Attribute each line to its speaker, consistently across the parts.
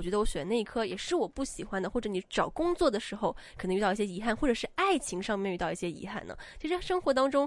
Speaker 1: 我覺得我選那一科也是我不喜歡的，或者你找工作的時候可能遇到一些遺憾，或者是愛情上面遇到一些遺憾呢。其實生活當中。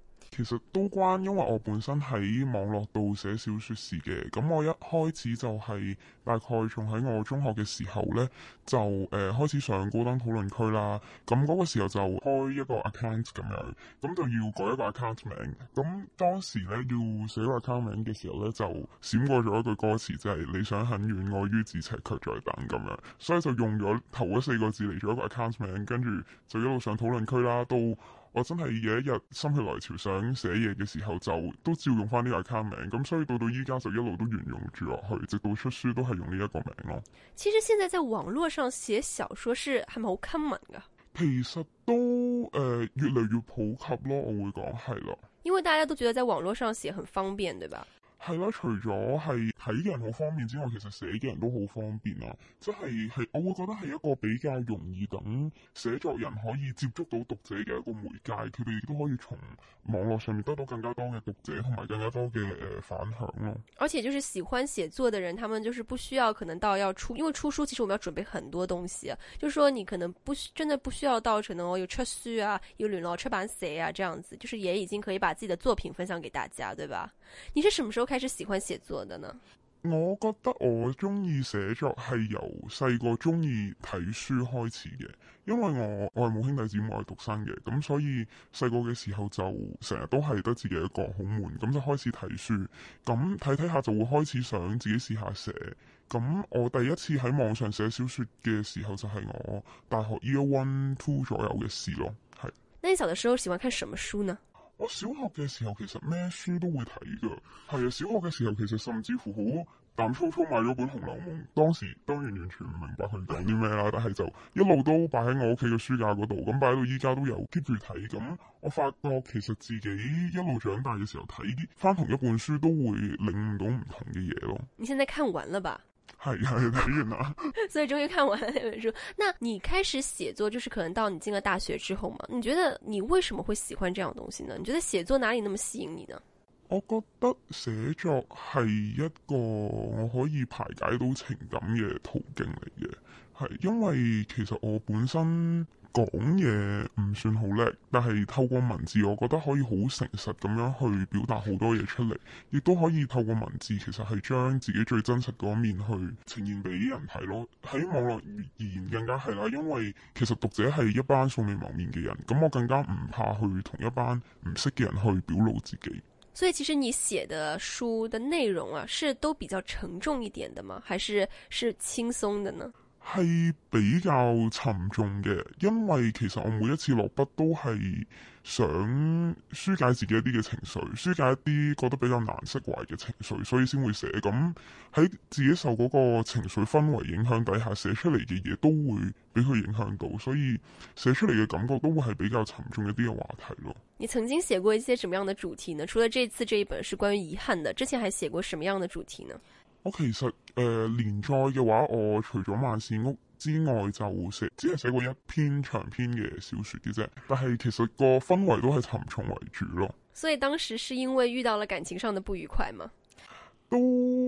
Speaker 2: 其實都關，因為我本身喺網絡度寫小說事嘅，咁我一開始就係、是、大概仲喺我中學嘅時候呢，就誒、呃、開始上高登討論區啦。咁嗰個時候就開一個 account 咁樣，咁就要改一個 account 名。咁當時呢要寫個 account 名嘅時候呢，就閃過咗一句歌詞，就係、是、你想很遠，我於咫尺卻在等咁樣。所以就用咗頭嗰四個字嚟做一個 account 名，跟住就一路上討論區啦，到。我真係有一日心血來潮想寫嘢嘅時候，就都照用翻呢個 account 名，咁所以到到依家就一路都沿用住落去，直到出書都係用呢一個名咯。
Speaker 1: 其實現在在網絡上寫小說是係咪好 common 噶？是
Speaker 2: 是其實都誒、呃、越嚟越普及咯，我會講係咯，
Speaker 1: 因為大家都覺得在網絡上寫很方便，對吧？
Speaker 2: 係咯，除咗係睇嘅人好方便之外，其實寫嘅人都好方便啊！即係係，我會覺得係一個比較容易等寫作人可以接觸到讀者嘅一個媒介，佢哋亦都可以從網絡上面得到更加多嘅讀者同埋更加多嘅誒、呃、反響咯、啊。
Speaker 1: 而且就是喜歡寫作嘅人，他們就是不需要可能到要出，因為出書其實我們要準備很多東西，就是說你可能不需真的不需要到可能有出書啊，有聯絡出版社啊，這樣子，就是也已經可以把自己的作品分享給大家，對吧？你係什麼時候開始喜歡寫作的呢？
Speaker 2: 我覺得我中意寫作係由細個中意睇書開始嘅，因為我我係冇兄弟姊妹，獨生嘅，咁所以細個嘅時候就成日都係得自己一個，好悶，咁就開始睇書，咁睇睇下就會開始想自己試下寫，咁我第一次喺網上寫小說嘅時候就係我大學 year one two 左右嘅事咯。係，
Speaker 1: 那你小的時候喜歡看什麼書呢？
Speaker 2: 我小學嘅時候其實咩書都會睇㗎，係啊，小學嘅時候其實甚至乎好膽粗粗買咗本《紅樓夢》，當時當然完全唔明白佢講啲咩啦，但係就一路都擺喺我屋企嘅書架嗰度，咁擺到依家都有 keep 住睇。咁我發覺其實自己一路長大嘅時候睇啲翻同一本書都會領悟到唔同嘅嘢咯。
Speaker 1: 你現在看完了吧
Speaker 2: 係，係，係啦。
Speaker 1: 所以終於看完了那本書。那你開始寫作，就是可能到你進了大學之後嘛？你覺得你為什麼會喜歡這樣嘅東西呢？你覺得寫作哪裏那麼吸引你呢？
Speaker 2: 我覺得寫作係一個我可以排解到情感嘅途徑嚟嘅，係因為其實我本身。講嘢唔算好叻，但係透過文字，我覺得可以好誠實咁樣去表達好多嘢出嚟，亦都可以透過文字，其實係將自己最真實嗰一面去呈現俾人睇咯。喺網絡而言，更加係啦，因為其實讀者係一班素未謀面嘅人，咁我更加唔怕去同一班唔識嘅人去表露自己。
Speaker 1: 所以其實你寫嘅書的內容啊，是都比較沉重一點的嗎？還是是輕鬆的呢？
Speaker 2: 係比較沉重嘅，因為其實我每一次落筆都係想紓解自己一啲嘅情緒，紓解一啲覺得比較難釋懷嘅情緒，所以先會寫。咁喺自己受嗰個情緒氛圍影響底下寫出嚟嘅嘢，都會俾佢影響到，所以寫出嚟嘅感覺都會係比較沉重一啲嘅話題咯。
Speaker 1: 你曾經寫過一些什麼樣的主題呢？除咗這次這一本是關於遺憾的，之前還寫過什麼樣的主題呢？
Speaker 2: 我其實誒、呃、連載嘅話，我除咗萬善屋之外就，就寫只係寫過一篇長篇嘅小說嘅啫。但係其實個氛圍都係沉重為主咯。
Speaker 1: 所以當時是因為遇到了感情上的不愉快嗎？
Speaker 2: 都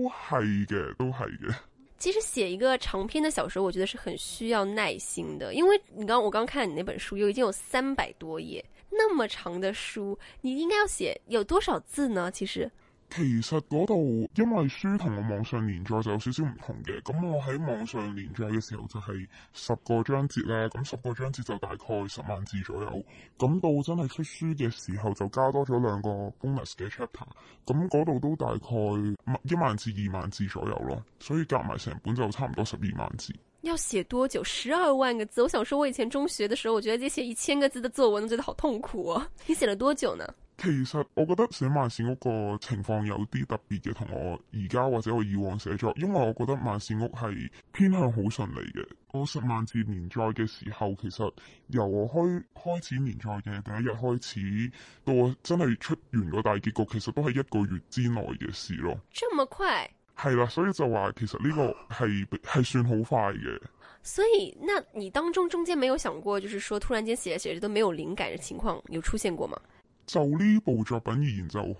Speaker 2: 係嘅，都係嘅。
Speaker 1: 其實寫一個長篇嘅小說，我覺得是很需要耐心的，因為你剛我剛看你那本書，又已經有三百多頁，那麼長的書，你應該要寫有多少字呢？其實。
Speaker 2: 其實嗰度因為書同我網上連載就有少少唔同嘅。咁我喺網上連載嘅時候就係十個章節啦，咁十個章節就大概十萬字左右，咁到真係出書嘅時候就加多咗兩個 bonus 嘅 chapter，咁嗰度都大概一萬至二萬字左右咯，所以夾埋成本就差唔多十二萬字。
Speaker 1: 要寫多久？十二萬個字？我想說我以前中學嘅時候，我覺得寫一千個字嘅作文都覺得好痛苦啊。你寫了多久呢？
Speaker 2: 其實我覺得寫萬字屋個情況有啲特別嘅，同我而家或者我以往寫作，因為我覺得萬字屋係偏向好順利嘅。我十萬字連載嘅時候，其實由我開開始連載嘅第一日開始，到我真係出完個大結局，其實都係一個月之內嘅事咯。
Speaker 1: 這麼快？
Speaker 2: 係啦，所以就話其實呢個係係算好快嘅。
Speaker 1: 所以，那你當中中間沒有想過，就是說突然間寫着寫着都沒有靈感嘅情況有出現過嗎？
Speaker 2: 就呢部作品而言，就好好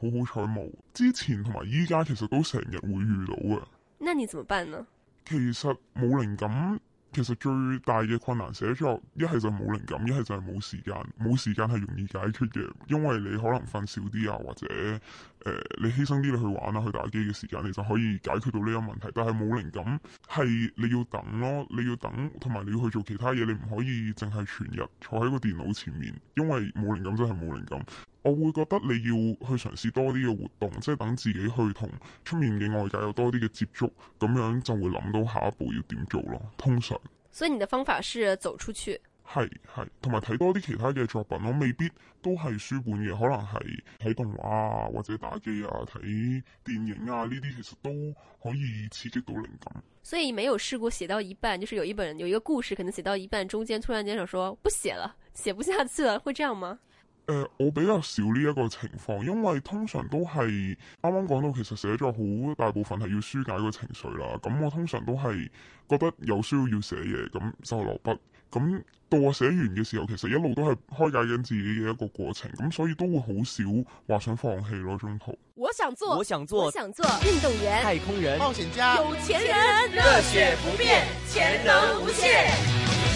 Speaker 2: 彩冇。之前同埋依家其實都成日會遇到嘅。
Speaker 1: 那你怎麼辦呢？
Speaker 2: 其實冇靈感，其實最大嘅困難，寫作一係就冇靈感，一係就係冇時間。冇時間係容易解決嘅，因為你可能瞓少啲啊，或者誒、呃、你犧牲啲你去玩啊去打機嘅時間，你就可以解決到呢個問題。但係冇靈感係你要等咯，你要等，同埋你要去做其他嘢，你唔可以淨係全日坐喺個電腦前面，因為冇靈感真係冇靈感。我會覺得你要去嘗試多啲嘅活動，即係等自己去同出面嘅外界有多啲嘅接觸，咁樣就會諗到下一步要點做咯。通常，
Speaker 1: 所以你的方法是走出去，
Speaker 2: 係係，同埋睇多啲其他嘅作品，我未必都係書本嘅，可能係睇動畫啊，或者打機啊，睇電影啊，呢啲其實都可以刺激到靈感。
Speaker 1: 所以沒有試過寫到一半，就是有一本有一個故事，可能寫到一半中間突然間想說不寫了，寫不下去了，會這樣嗎？
Speaker 2: 呃、我比較少呢一個情況，因為通常都係啱啱講到，其實寫咗好大部分係要舒解個情緒啦。咁、嗯、我通常都係覺得有需要要寫嘢，咁就落筆。咁、嗯、到我寫完嘅時候，其實一路都係開解緊自己嘅一個過程。咁、嗯、所以都會好少話想放棄咯中途。
Speaker 1: 我想做，我想做，我想做運動員、太空人、冒險家、有錢人、熱血不變、潛能無限、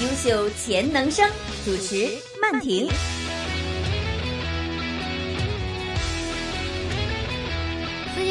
Speaker 1: 優秀潛能生，主持曼婷。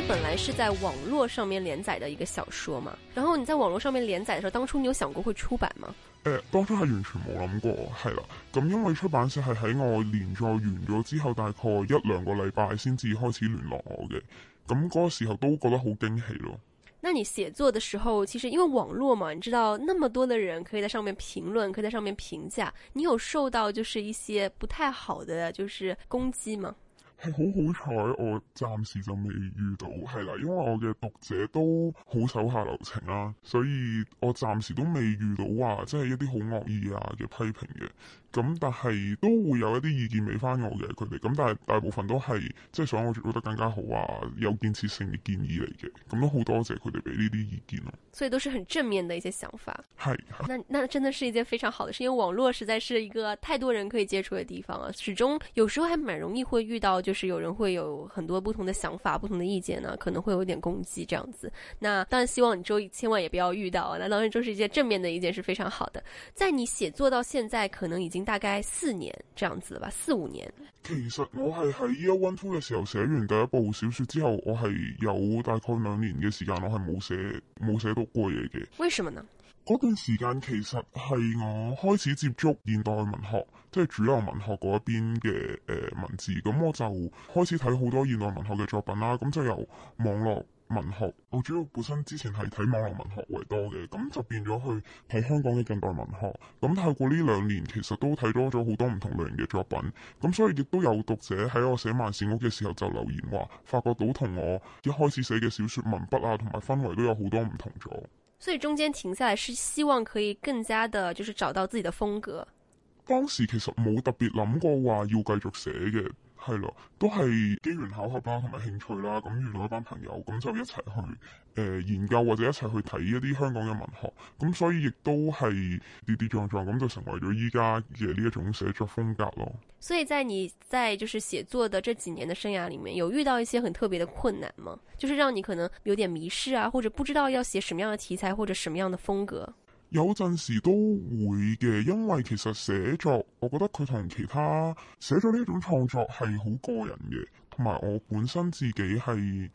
Speaker 1: 本來是在網絡上面連載的一個小說嘛，然後你在網絡上面連載的時候，當初你有想過會出版嗎？
Speaker 2: 誒，當初係完全冇諗過，係啦，咁因為出版社係喺我連載完咗之後，大概一兩個禮拜先至開始聯絡我嘅，咁嗰個時候都覺得好驚喜咯。
Speaker 1: 那你寫作嘅時候，其實因為網絡嘛，你知道那麼多的人可以在上面評論，可以在上面評價，你有受到就是一些不太好的就是攻擊嗎？
Speaker 2: 係好好彩，我暫時就未遇到係啦，因為我嘅讀者都好手下留情啦，所以我暫時都未遇到話、啊、即係一啲好惡意啊嘅批評嘅，咁但係都會有一啲意見俾翻我嘅，佢哋咁但係大，大部分都係即係想我做得更加好啊，有建設性嘅建議嚟嘅，咁都好多謝佢哋俾呢啲意見
Speaker 1: 咯、啊。所以都是很正面嘅一些想法，係是。那那真的是一件非常好的事，因為網絡實在是一個太多人可以接觸嘅地方啊，始終有時候還蠻容易會遇到。就是有人會有很多不同的想法、不同的意見呢、啊，可能會有點攻擊這樣子。那當然希望你周一千萬也不要遇到。那當然，就是一些正面的意見是非常好的。在你寫作到現在，可能已經大概四年這樣子了吧，四五年。
Speaker 2: 其實我係喺 Year One Two 嘅時候寫完第一部小說之後，我係有大概兩年嘅時間，我係冇寫冇寫到過嘢嘅。為什麼呢？嗰段時間其實係我開始接觸現代文學，即係主流文學嗰一邊嘅誒、呃、文字，咁我就開始睇好多現代文學嘅作品啦。咁就由網絡文學，我主要本身之前係睇網絡文學為多嘅，咁就變咗去睇香港嘅近代文學。咁透過呢兩年，其實都睇多咗好多唔同類型嘅作品。咁所以亦都有讀者喺我寫《萬事屋》嘅時候就留言話，發覺到同我一開始寫嘅小説文筆啊，同埋氛圍都有好多唔同咗。
Speaker 1: 所以中間停下來，是希望可以更加的，就是找到自己的風格。當
Speaker 2: 時其實冇特別諗過話要繼續寫嘅。係咯，都係機緣巧合啦，同埋興趣啦，咁、嗯、遇到一班朋友，咁、嗯、就一齊去誒、呃、研究或者一齊去睇一啲香港嘅文學，咁、嗯、所以亦都係跌跌撞撞，咁、嗯、就成為咗依家嘅呢一種寫作風格咯。
Speaker 1: 所以，在你在就是寫作的這幾年的生涯裡面，有遇到一些很特別嘅困難嗎？就是讓你可能有點迷失啊，或者不知道要寫什麼樣嘅題材或者什麼樣嘅風格？
Speaker 2: 有陣時都會嘅，因為其實寫作，我覺得佢同其他寫作呢種創作係好個人嘅。同埋，我本身自己係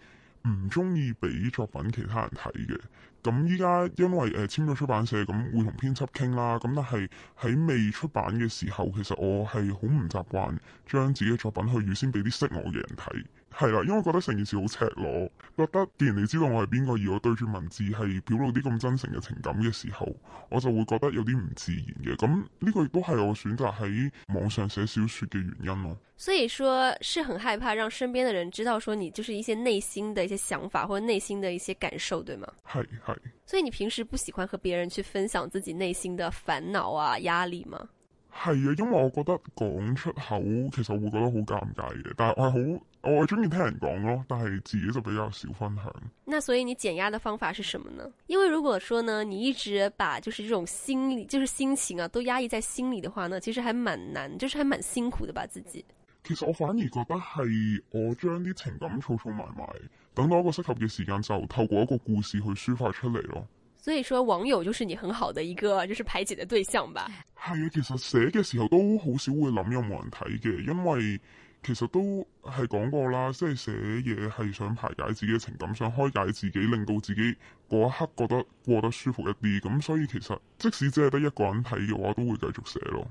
Speaker 2: 唔中意俾作品其他人睇嘅。咁依家因為誒簽咗出版社，咁會同編輯傾啦。咁但係喺未出版嘅時候，其實我係好唔習慣將自己嘅作品去預先俾啲識我嘅人睇。係啦，因為覺得成件事好赤裸，覺得既然你知道我係邊個，而我對住文字係表露啲咁真誠嘅情感嘅時候，我就會覺得有啲唔自然嘅。咁呢個亦都係我選擇喺網上寫小說嘅原因咯。
Speaker 1: 所以說，是很害怕讓身邊嘅人知道說你就是一些內心的一些想法或者內心的一些感受，對嗎？係係。所以你平時不喜歡和別人去分享自己內心的煩惱啊、壓力嗎？
Speaker 2: 係啊，因為我覺得講出口其實我會覺得好尷尬嘅，但係我係好，我係中意聽人講咯，但係自己就比較少分享。
Speaker 1: 那所以你減壓的方法是什麼呢？因為如果說呢，你一直把就是這種心理，就是心情啊，都壓抑在心裏的話呢，其實還蠻難，就是還蠻辛苦的吧自己。
Speaker 2: 其實我反而覺得係我將啲情感儲儲埋埋，等到一個適合嘅時間就透過一個故事去抒發出嚟咯。
Speaker 1: 所以說網友就是你很好的一個就是排解的對象吧。
Speaker 2: 係啊，其實寫嘅時候都好少會諗有冇人睇嘅，因為其實都係講過啦，即係寫嘢係想排解自己嘅情感，想開解自己，令到自己嗰一刻覺得過得舒服一啲。咁所以其實即使只係得一個人睇嘅話，都會繼續寫咯。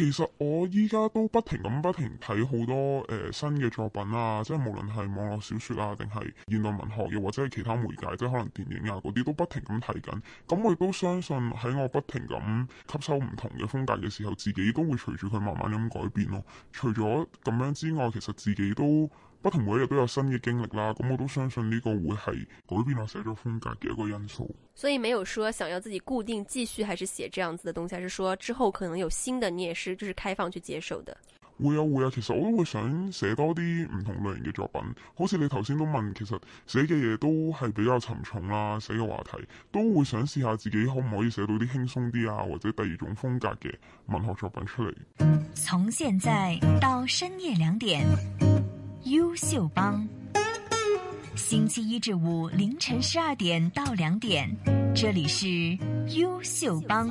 Speaker 2: 其實我依家都不停咁不停睇好多誒、呃、新嘅作品啊，即係無論係網絡小說啊，定係現代文學又或者係其他媒介，即係可能電影啊嗰啲都不停咁睇緊。咁我亦都相信喺我不停咁吸收唔同嘅風格嘅時候，自己都會隨住佢慢慢咁改變咯。除咗咁樣之外，其實自己都，不同每一日都有新嘅經歷啦，咁我都相信呢個會係改變我寫作風格嘅一個因素。
Speaker 1: 所以沒有說想要自己固定繼續還是寫這樣子的東西，還是說之後可能有新的，你也是就是開放去接受的。
Speaker 2: 會啊會啊，其實我都會想寫多啲唔同類型嘅作品。好似你頭先都問，其實寫嘅嘢都係比較沉重啦，寫嘅話題都會想試下自己可唔可以寫到啲輕鬆啲啊，或者第二種風格嘅文學作品出嚟。
Speaker 1: 從現在到深夜兩點。優秀幫，星期一至五，凌晨十二點到兩點，這裏是優秀幫。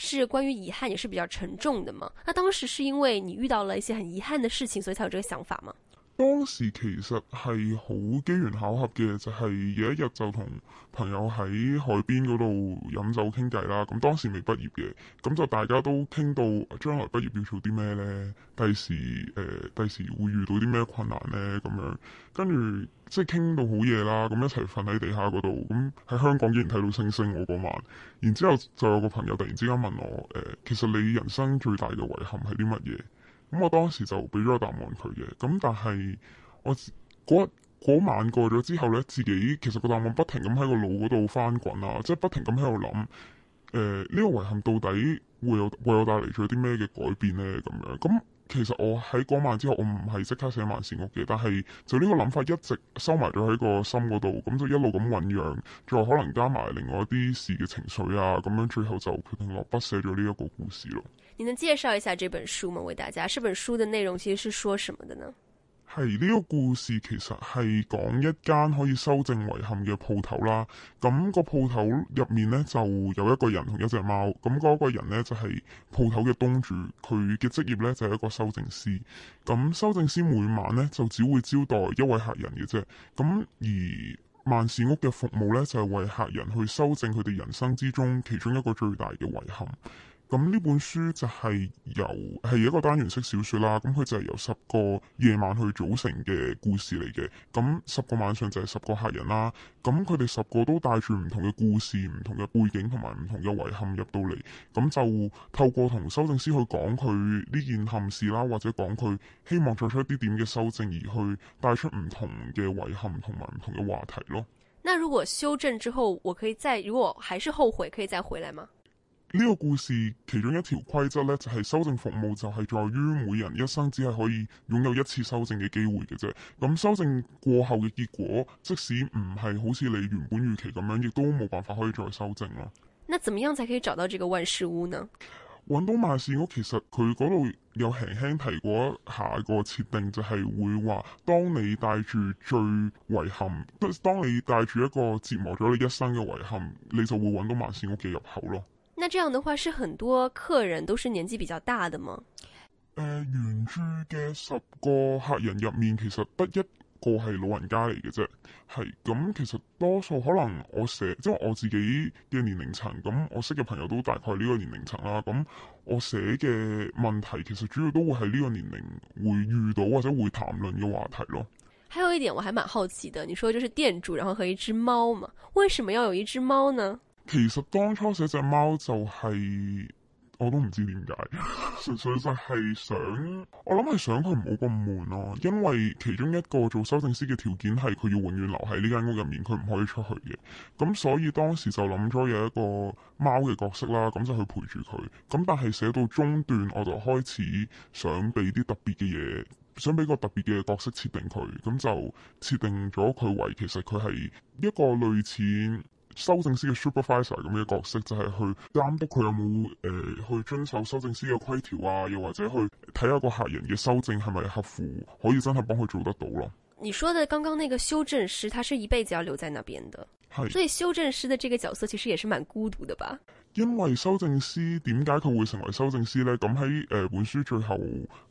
Speaker 1: 是關於遺憾，也是比較沉重的嘛？那當時是因為你遇到了一些很遺憾的事情，所以才有這個想法嗎？
Speaker 2: 當時其實係好機緣巧合嘅，就係有一日就同朋友喺海邊嗰度飲酒傾偈啦。咁當時未畢業嘅，咁就大家都傾到將來畢業要做啲咩呢？第時誒第時會遇到啲咩困難呢？咁樣。跟住即係傾到好夜啦，咁一齊瞓喺地下嗰度。咁喺香港竟然睇到星星，我嗰晚。然之後就有個朋友突然之間問我誒，其實你人生最大嘅遺憾係啲乜嘢？咁我當時就俾咗個答案佢嘅，咁但係我嗰晚過咗之後咧，自己其實個答案不停咁喺個腦嗰度翻滾啊，即係不停咁喺度諗，誒呢個遺憾到底會有會有帶嚟咗啲咩嘅改變咧咁樣？咁其實我喺嗰晚之後，我唔係即刻寫埋事屋嘅，但係就呢個諗法一直收埋咗喺個心嗰度，咁就一路咁醞釀，再可能加埋另外一啲事嘅情緒啊，咁樣最後就決定落筆寫咗呢一個故事咯。
Speaker 1: 你能介紹一下這本書嗎？為大家，這本書的內容其實是說什麼的呢？
Speaker 2: 係呢個故事，其實係講一間可以修正遺憾嘅鋪頭啦。咁個鋪頭入面呢，就有一個人同一隻貓。咁嗰個人呢，就係鋪頭嘅東主，佢嘅職業呢，就係一個修正師。咁修正師每晚呢，就只會招待一位客人嘅啫。咁而萬事屋嘅服務呢，就係為客人去修正佢哋人生之中其中一個最大嘅遺憾。咁呢本書就係由係一個單元式小說啦，咁佢就係由十個夜晚去組成嘅故事嚟嘅。咁十個晚上就係十個客人啦，咁佢哋十個都帶住唔同嘅故事、唔同嘅背景同埋唔同嘅遺憾入到嚟，咁就透過同修正師去講佢呢件憾事啦，或者講佢希望作出一啲點嘅修正，而去帶出唔同嘅遺憾同埋唔同嘅話題咯。
Speaker 1: 那如果修正之後，我可以再，如果還是後悔，可以再回來嗎？
Speaker 2: 呢個故事其中一條規則呢，就係、是、修正服務就係在於每人一生只係可以擁有一次修正嘅機會嘅啫。咁修正過後嘅結果，即使唔係好似你原本預期咁樣，亦都冇辦法可以再修正啦。
Speaker 1: 那怎麼樣才可以找到這個萬事屋呢？
Speaker 2: 揾到萬事屋，其實佢嗰度有輕輕提過下個設定就，就係會話當你帶住最遺憾，即係當你帶住一個折磨咗你一生嘅遺憾，你就會揾到萬事屋嘅入口咯。
Speaker 1: 那這樣的話，是很多客人都是年紀比較大的嗎？
Speaker 2: 誒、呃，原著嘅十個客人入面，其實得一個係老人家嚟嘅啫。係咁，其實多數可能我寫，即係我自己嘅年齡層。咁我識嘅朋友都大概呢個年齡層啦。咁我寫嘅問題，其實主要都會係呢個年齡會遇到或者會談論嘅話題咯。
Speaker 1: 還有一點，我還蠻好奇的，你說就是店主，然後和一隻貓嘛？為什麼要有一隻貓呢？
Speaker 2: 其實當初寫隻貓就係、是、我都唔知點解，純粹就係想，我諗係想佢唔好咁悶咯、啊。因為其中一個做修正師嘅條件係佢要永遠，遠留喺呢間屋入面，佢唔可以出去嘅。咁所以當時就諗咗有一個貓嘅角色啦，咁就去陪住佢。咁但係寫到中段，我就開始想俾啲特別嘅嘢，想俾個特別嘅角色設定佢。咁就設定咗佢為其實佢係一個類似。修正師嘅 supervisor 咁嘅角色就係、是、去監督佢有冇誒、呃、去遵守修正師嘅規條啊，又或者去睇下個客人嘅修正係咪合乎，可以真係幫佢做得到咯。
Speaker 1: 你說的剛剛那個修正師，他是一輩子要留在那邊的。係，所以修正師嘅這個角色其實也是蠻孤獨的吧？
Speaker 2: 因爲修正師點解佢會成爲修正師呢？咁喺誒本書最後，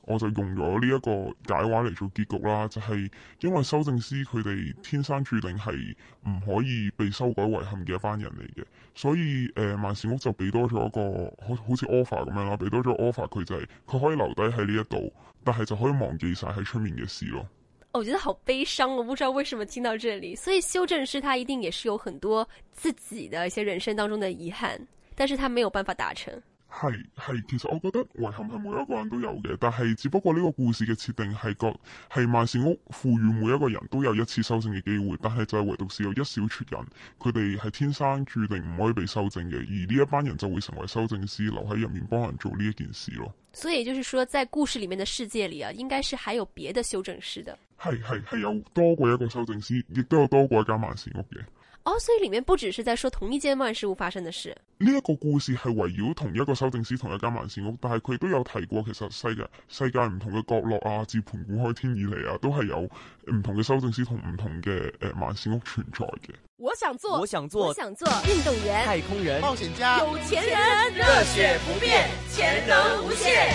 Speaker 2: 我就用咗呢一個解畫嚟做結局啦。就係、是、因爲修正師佢哋天生注定係唔可以被修改遺憾嘅一班人嚟嘅，所以誒、呃、萬善屋就俾多咗一個好好似 offer 咁樣啦，俾多咗 offer 佢就係、是、佢可以留低喺呢一度，但係就可以忘記晒喺出面嘅事咯。
Speaker 1: 哦，我覺得好悲傷，我不知道為什麼聽到這裏。所以修正師他一定也是有很多自己的一些人生當中的遺憾，但是他沒有辦法達成。
Speaker 2: 係係，其實我覺得遺憾係每一個人都有嘅，但係只不過呢個故事嘅設定係個係萬善屋賦予每一個人都有一次修正嘅機會，但係就係唯獨是有一小撮人，佢哋係天生注定唔可以被修正嘅，而呢一班人就會成為修正師，留喺入面幫人做呢一件事咯。
Speaker 1: 所以就是說，在故事裡面的世界裡啊，應該是還有別的修正師的。
Speaker 2: 係系係有多過一個修正師，亦都有多過一間萬善屋嘅。
Speaker 1: 哦，oh, 所以裡面不只是在說同一間萬事屋發生的事。
Speaker 2: 呢一個故事係圍繞同一個修正師、同一間萬事屋，但係佢都有提過，其實世界世界唔同嘅角落啊，自盤古開天以嚟啊，都係有唔同嘅修正師同唔同嘅誒萬事屋
Speaker 1: 存在嘅。我想做，我想做，我想做運動員、太空人、冒險家、有錢人，熱血不變，潛能無限，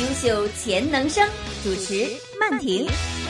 Speaker 1: 優秀潛能生主持曼婷。嗯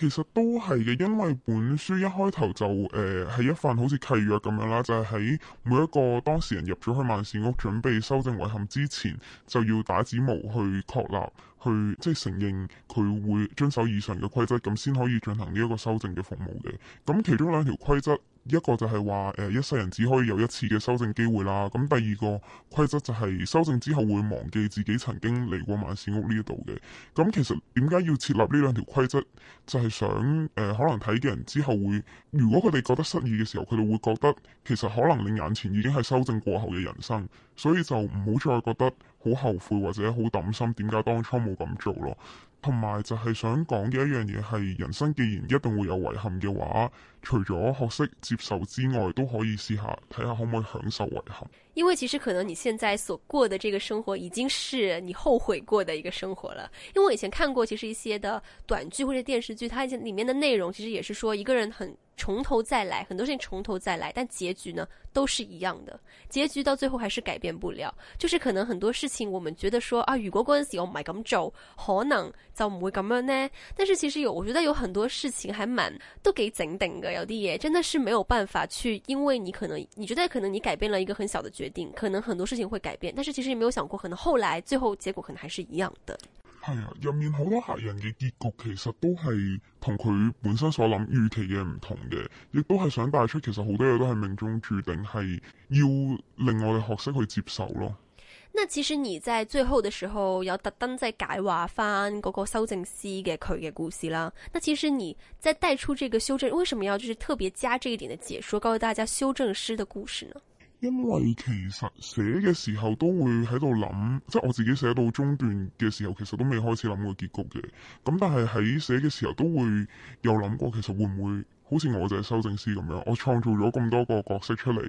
Speaker 2: 其實都係嘅，因為本書一開頭就誒係、呃、一份好似契約咁樣啦，就係、是、喺每一個當事人入咗去萬事屋準備修正遺憾之前，就要打指模去確立，去即係、就是、承認佢會遵守以上嘅規則，咁先可以進行呢一個修正嘅服務嘅。咁其中兩條規則。一個就係話，誒、呃，一世人只可以有一次嘅修正機會啦。咁、嗯、第二個規則就係、是、修正之後會忘記自己曾經嚟過萬事屋呢度嘅。咁、嗯、其實點解要設立呢兩條規則？就係、是、想，誒、呃，可能睇嘅人之後會，如果佢哋覺得失意嘅時候，佢哋會覺得其實可能你眼前已經係修正過後嘅人生，所以就唔好再覺得好後悔或者好擔心，點解當初冇咁做咯。同埋就係想講嘅一樣嘢係人生，既然一定會有遺憾嘅話，除咗學識接受之外，都可以試下睇下可唔可以享受遺憾。
Speaker 1: 因為其實可能你現在所過的這個生活，已經是你後悔過嘅一個生活了。因為我以前看過，其實一些的短劇或者電視劇，它一些裏面嘅內容，其實也是說一個人很。從頭再來，很多事情從頭再來，但結局呢，都是一樣的。結局到最後還是改變不了。就是可能很多事情，我們覺得說啊，如果嗰陣時我唔係咁做，可能就唔會咁樣呢。但是其實有，我覺得有很多事情還蠻都幾整定嘅，有啲嘢真的是沒有辦法去。因為你可能你覺得可能你改變了一個很小的決定，可能很多事情會改變，但是其實你沒有想過，可能後來最後結果可能還是一樣的。
Speaker 2: 係啊，入面好多客人嘅結局其實都係同佢本身所諗預期嘅唔同嘅，亦都係想帶出其實好多嘢都係命中注定，係要令我哋學識去接受咯。
Speaker 1: 那其實你在最後嘅時候有特登即係解話翻嗰個修正師嘅佢嘅故事啦。那其實你在帶出這個修正，為什麼要就是特別加這一點嘅解說，告訴大家修正師嘅故事呢？
Speaker 2: 因為其實寫嘅時候都會喺度諗，即係我自己寫到中段嘅時候，其實都未開始諗過結局嘅。咁但係喺寫嘅時候都會有諗過，其實會唔會好似我就係修正師咁樣，我創造咗咁多個角色出嚟，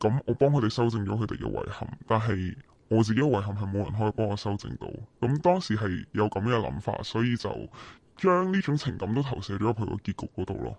Speaker 2: 咁我幫佢哋修正咗佢哋嘅遺憾，但係我自己嘅遺憾係冇人可以幫我修正到。咁當時係有咁嘅諗法，所以就將呢種情感都投射咗去個結局嗰度咯。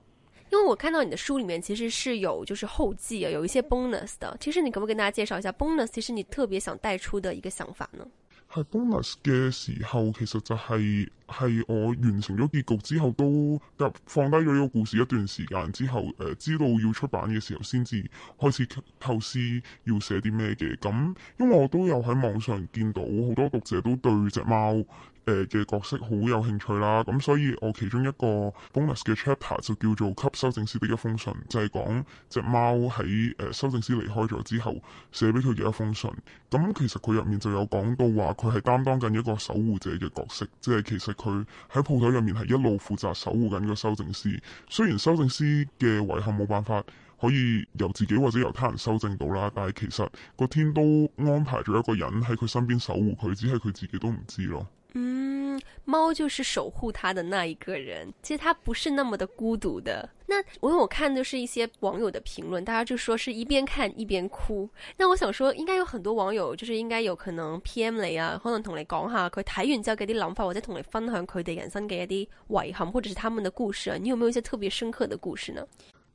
Speaker 1: 因為我看到你的書裏面其實是有，就是後記啊，有一些 bonus 的。其實你可唔可以跟大家介紹一下 bonus，其實你特別想帶出的一個想法呢？
Speaker 2: 係 bonus 嘅時候，其實就係、是、係我完成咗結局之後都放低咗呢個故事一段時間之後，誒、呃，知道要出版嘅時候先至開始構思要寫啲咩嘅。咁、嗯、因為我都有喺網上見到好多讀者都對隻貓，誒嘅角色好有興趣啦，咁所以我其中一個 bonus 嘅 chapter 就叫做《給修正師的一封信》，就是講隻貓，就係講隻貓喺誒修正師離開咗之後寫俾佢嘅一封信。咁其實佢入面就有講到話，佢係擔當緊一個守護者嘅角色，即係其實佢喺鋪頭入面係一路負責守護緊個修正師。雖然修正師嘅遺憾冇辦法可以由自己或者由他人修正到啦，但係其實個天都安排咗一個人喺佢身邊守護佢，只係佢自己都唔知咯。
Speaker 1: 嗯，貓就是守護他的那一個人。其實他不是那麼的孤獨的。那我有看就是一些網友的評論，大家就說是一邊看一邊哭。那我想說，應該有很多網友，就是應該有可能 PM 你啊，可能同你講下，佢睇完之後嘅啲諗法，或者同你分享佢哋人生嘅一啲遺憾，或者是他們的故事，啊。你有沒有一些特別深刻的故事呢？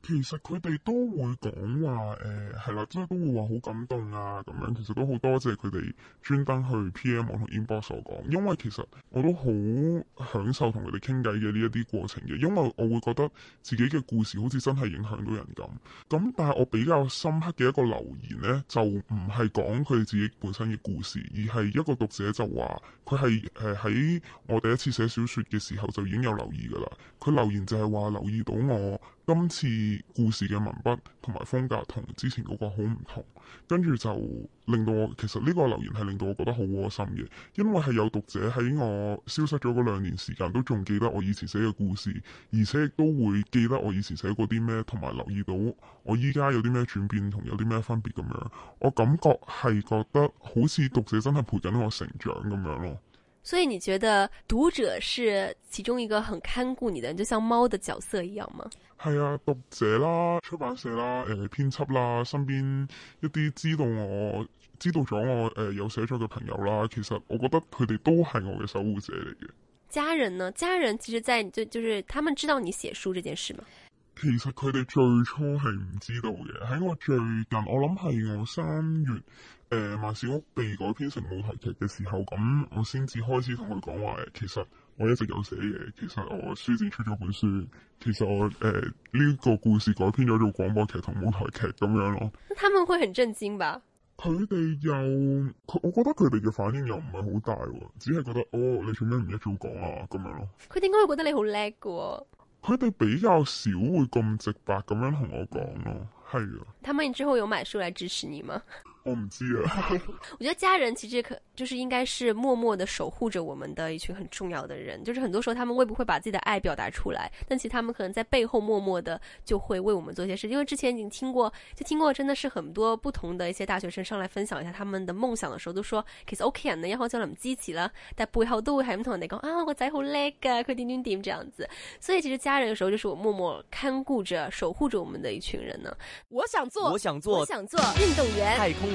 Speaker 2: 其實佢哋都會講話誒係啦，即係都會話好感動啊。咁樣其實都好多謝佢哋專登去 P.M. 我同 inbox 講，因為其實我都好享受同佢哋傾偈嘅呢一啲過程嘅，因為我會覺得自己嘅故事好似真係影響到人咁。咁但係我比較深刻嘅一個留言呢，就唔係講佢自己本身嘅故事，而係一個讀者就話佢係誒喺我第一次寫小説嘅時候就已經有留意噶啦。佢留言就係話留意到我，今次故事嘅文筆同埋風格同之前嗰個好唔同，跟住就令到我其實呢個留言係令到我覺得好窩心嘅，因為係有讀者喺我消失咗嗰兩年時間都仲記得我以前寫嘅故事，而且亦都會記得我以前寫過啲咩，同埋留意到我依家有啲咩轉變同有啲咩分別咁樣。我感覺係覺得好似讀者真係陪緊我成長咁樣咯。
Speaker 1: 所以你覺得讀者是其中一個很看顧你的人，就像貓的角色一樣嗎？
Speaker 2: 係啊，讀者啦，出版社啦，誒、呃，編輯啦，身邊一啲知道我知道咗我誒、呃、有寫作嘅朋友啦，其實我覺得佢哋都係我嘅守護者嚟嘅。
Speaker 1: 家人呢？家人其實在，在就是、就是他們知道你寫書這件事嗎？
Speaker 2: 其實佢哋最初係唔知道嘅，喺我最近，我諗係我三月。誒，萬小屋被改編成舞台劇嘅時候，咁我先至開始同佢講話。誒，其實我一直有寫嘢，其實我書展出咗本書，其實我誒呢、呃這個故事改編咗做廣播劇同舞台劇咁樣咯。
Speaker 1: 那他們會很震驚吧？
Speaker 2: 佢哋又，我我覺得佢哋嘅反應又唔係好大，只係覺得哦，你做咩唔一早講啊咁樣咯？
Speaker 1: 佢點解會覺得你好叻嘅？
Speaker 2: 佢哋比較少會咁直白咁樣同我講咯。係啊，
Speaker 1: 他們之後有買書嚟支持你嗎？唔知啊，我， 我覺得家人其實可就是應該是默默的守護着我們的一群很重要的人。就是很多時候他們會不會把自己的愛表達出來？但其實他們可能在背後默默的就會為我們做些事。因為之前已經聽過，就聽過真的是很多不同的一些大學生上來分享一下他們的夢想的時候，都說其實我家人呢一開始可能唔支持啦，但背後都會喺咁同你講啊，我仔好叻噶，快點點點這樣子。所以其實家人嘅時候就是我默默看顧着、守護着我們的一群人呢。我想做，我想做，我想做運動員，太空。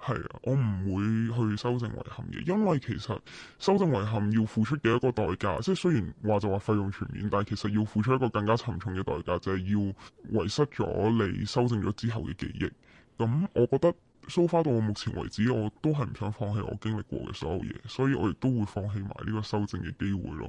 Speaker 2: 係啊，我唔會去修正遺憾嘅，因為其實修正遺憾要付出嘅一個代價，即係雖然話就話費用全面，但係其實要付出一個更加沉重嘅代價，就係要遺失咗你修正咗之後嘅記憶。咁我覺得 So far 到我目前為止，我都係唔想放棄我經歷過嘅所有嘢，所以我亦都會放棄埋呢個修正嘅機會咯。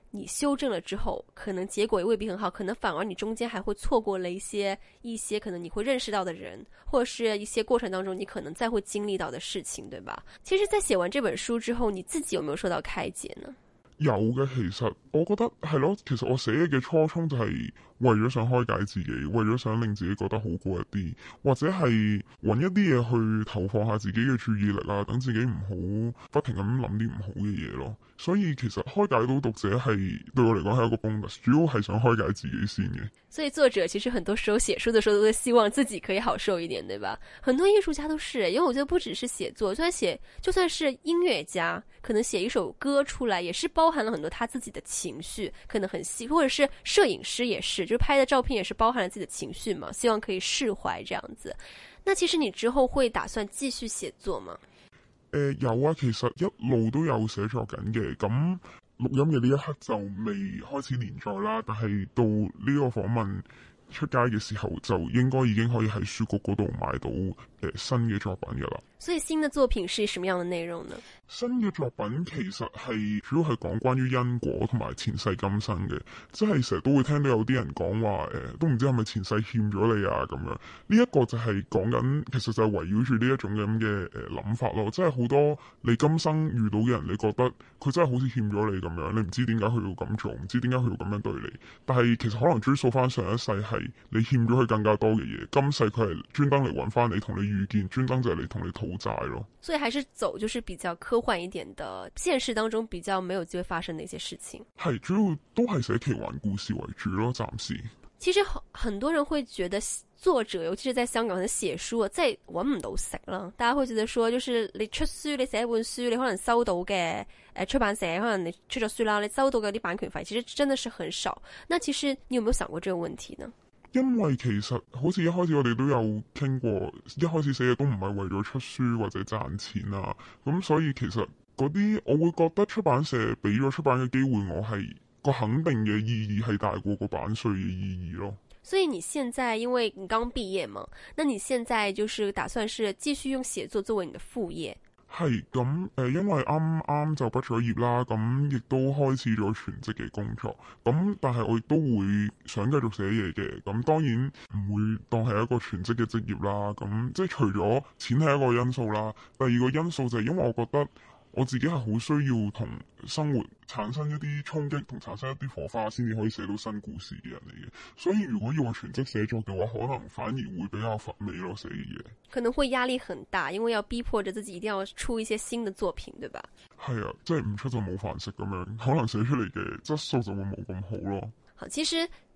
Speaker 1: 你修正了之後，可能結果也未必很好，可能反而你中間還會錯過了一些一些可能你會認識到的人，或者是一些過程當中你可能再會經歷到的事情，對吧？其實，在寫完這本書之後，你自己有沒有受到開解呢？
Speaker 2: 有嘅，其實我覺得係咯，其實我寫嘅初衷就係為咗想開解自己，為咗想令自己覺得好過一啲，或者係揾一啲嘢去投放下自己嘅注意力啊，等自己唔好不停咁諗啲唔好嘅嘢咯。所以其實開解到讀者係對我嚟講係一個功德，主要係想開解自己先嘅。
Speaker 1: 所以作者其實很多時候寫書的時候都希望自己可以好受一點，對吧？很多藝術家都是，因為我覺得不只是寫作，就算寫，就算是音樂家，可能寫一首歌出來也是包含了很多他自己的情緒，可能很細，或者是攝影師也是，就拍的照片也是包含了自己的情緒嘛，希望可以釋懷這樣子。那其實你之後會打算繼續寫作嗎？
Speaker 2: 誒、呃、有啊，其實一路都有寫作緊嘅，咁錄音嘅呢一刻就未開始連載啦，但係到呢個訪問出街嘅時候就應該已經可以喺書局嗰度買到誒、呃、新嘅作品噶啦。
Speaker 1: 所以新嘅作品是什麼樣嘅內容呢？新
Speaker 2: 嘅作品其實係主要係講關於因果同埋前世今生嘅，即係成日都會聽到有啲人講話誒、呃，都唔知係咪前世欠咗你啊咁樣。呢、這、一個就係講緊，其實就係圍繞住呢一種咁嘅誒諗法咯。即係好多你今生遇到嘅人，你覺得佢真係好似欠咗你咁樣，你唔知點解佢要咁做，唔知點解佢要咁樣對你。但係其實可能追溯翻上一世係你欠咗佢更加多嘅嘢，今世佢係專登嚟揾翻你，同你遇見，專登就係嚟同你討債咯。
Speaker 1: 所以還是走，就是比較科幻一點的，現實當中比較沒有機會發生的一些事情。
Speaker 2: 係主要都係寫奇幻故事為主咯。暫時
Speaker 1: 其實很多人會覺得作者，尤其是在香港寫書啊，即係搵唔到食啦。大家會覺得說，就是你出書，你寫一本書，你可能收到嘅誒出版社，可能你出咗書啦，你收到嘅啲版權費，其實真的是很少。那其實你有沒有想過這個問題呢？
Speaker 2: 因為其實好似一開始我哋都有傾過，一開始寫嘢都唔係為咗出書或者賺錢啊，咁所以其實嗰啲我會覺得出版社俾咗出版嘅機會，我係個肯定嘅意義係大過個版稅嘅意義咯。
Speaker 1: 所以你現在因為你剛畢業嘛，那你現在就是打算是繼續用寫作作為你嘅副業。
Speaker 2: 係咁誒，因為啱啱就畢咗業啦，咁亦都開始咗全職嘅工作，咁但係我亦都會想繼續寫嘢嘅，咁當然唔會當係一個全職嘅職業啦，咁即係除咗錢係一個因素啦，第二個因素就係因為我覺得，我自己係好需要同生活產生一啲衝擊，同產生一啲火花，先至可以寫到新故事嘅人嚟嘅。所以如果要我全職寫作嘅話，可能反而會比較乏味咯，寫嘢
Speaker 1: 可能會壓力很大，因為要逼迫着自己一定要出一些新的作品，對吧？
Speaker 2: 係啊，即係唔出就冇飯食咁樣，可能寫出嚟嘅質素就會冇咁好咯。
Speaker 1: 好，其實。